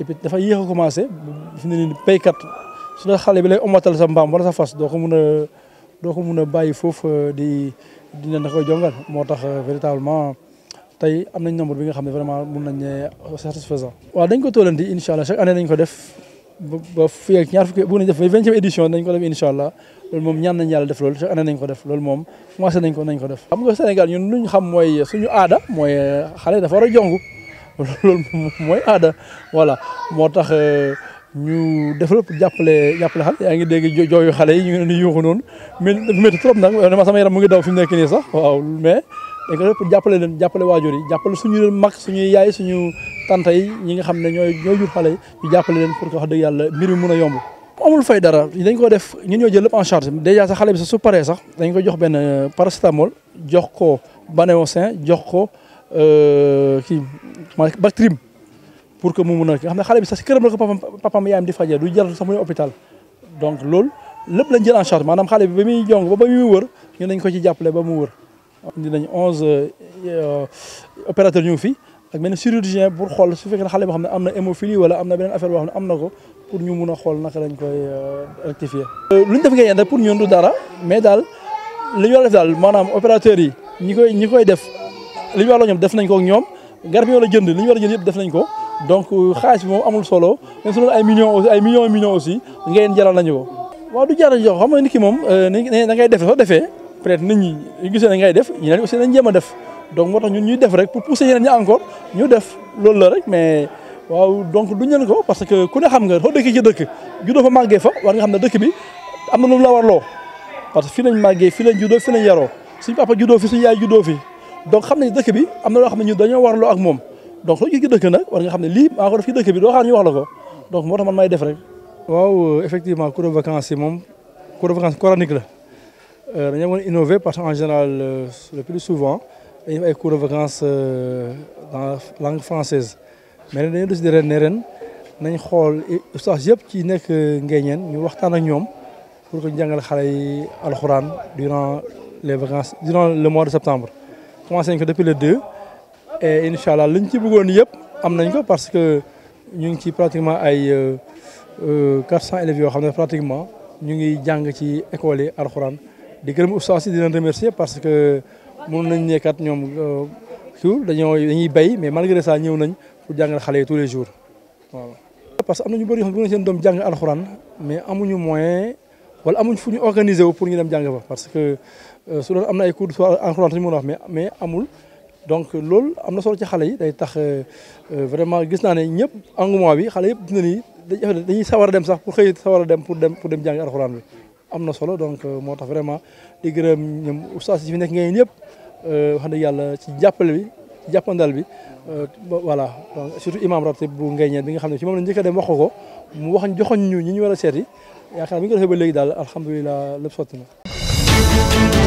et puis dafa yéex a commencé fi ne nii béykat su la xale bi lay omatal sa mbaam wala sa fas doo ko mun a doo ko euh, di di ne da koy jongal moo tax euh, véritablement tey am nañ nombre bi nga xam ne vraiment mun nañ ne satisfaisant. waaw dañ ko tollanti incha allah chaque année nañ ko def ba fii ak ñaar fukki bu nañ def ba vingtième édition nañ ko def incha allah loolu moom ñaan nañ yàlla def loolu chaque année nañ ko def loolu moom commencé nañ ko nañ ko def. xam nga Sénégal ñun lu ñu xam mooy suñu aada mooy euh, xale dafa war jongu loolu mooy aada voilà moo tax euh, ñu développe jàppale jàppale xale yaa ngi dégg jooyu xale yi ñu ngi leen di yuuxu noonu mais métti trop nag dama sama yaram mu ngi daw fi nekk nii sax waaw mais dañ ko def jàppale leen jàppale waajur yi jàppale suñu mag suñuy yaay suñu tante ñi nga xam ne ñooy ñooy jur xale yi leen pour que wax dëgg yàlla mbir mun a yomb amul fay dara dañ ko def ñun ñoo jël lépp en charge dèjà sax xale bi sax su paree sax dañ ko jox benn euh, paracétamol jox ko banéocin jox ko Euh, kii Bactrim pour que mu mun a nga xam ne xale bi sax si këram la ko papam fajee du jar sax muy hôpital donc loolu lépp lañ jël en charge maanaam xale bi ba muy jong ba ba muy wër ñu nañ ko ci jàppale ba mu wër indi nañ onze euh, opérateur ñu ngi fi ak benn chirurgien pour xool su fekkee ne xale boo xam ne am na hémophilie wala am na beneen affaire boo xam ne am na ko pour ñu mun a xool naka lañ koy euh, rectifier. lu ñu def ngeen rek pour ñun du dara mais daal li ñu war a def daal maanaam opérateur yi ñi koy ñi koy def. li wala ñom def nañ ko ak ñom garab yi war jënd li wala jënd yëpp def nañ ko donc euh, xaalis bi amul solo même su ay millions aussi ay millions millions aussi ngeen jaral nañu ko wa du jaral jox xam nga niki mom euh, da ngay def so defé peut être nit ñi gisé da ngay def ñeneen aussi dañ jéem def donc motax ñun ñuy def rek pour pousser yeneen ñi encore ñu def loolu la rek mais waaw donc duñ leen ko parce que ku ne xam nga soo dëkkee ci dëkk juddoo fa màggee fa war nga xam ne dëkk bi am na lu la warloo parce que fi lañ màggee fi lañ juddoo fi lañ yaroo suñ papa juddoo fi suñ yaay fi donc xam nañu dëkk bi amna lo ñu donc euh, effectivement cours de vacances cours de vacances coranique euh, parce qu'en général euh, le plus souvent y des cours de vacances dans langue française mais nous avons de nañ xol ci ñu pour que yi les durant le mois de septembre. commencé nañ ko depuis le 2 et incha allah liñ ci bëggoon yëpp am nañ ko parce que ñu ngi ci pratiquement ay 400 euh, euh, élèves yoo xam ne pratiquement ñu ngi jàng ci école yi alxuraan di gërëm oustaz si di leen remercier parce que mën nañ ne kat ñoom euh, tout dañoo dañuy bay mais malgré sa ñëw nañ pour jàngal xale yi tous les jours waaw. parce que am na ñu bëri xam ne bëgg seen doom jàng alxuraan mais amuñu moyen. wala amuñ fu ñu organiser wu pour ñu dem jàng fa parce que euh, su doon am na ay cours de soir alxuraan a wax amul donc loolu am na solo ci xale yi day tax euh, euh, vraiment gis naa ne ñëpp engouement bi xale yëpp gis na ni dañuy sawar a dem sax pour xëy sawar a dem pour dem pour dem jàng alxuraan bi am na solo donc moo tax vraiment di gërëm ñoom ustaas yi fi nekk ngeen ñëpp wax dëgg yàlla ci jàppale bi ci jàppandal bi voilà donc surtout imam ratib bu ngay ñeen bi nga xam ne ci moom la njëkk dem wax ko mu wax joxoñ ñu ñu war a seeti يا اخي من هبه اللي الحمد لله لبسوتنا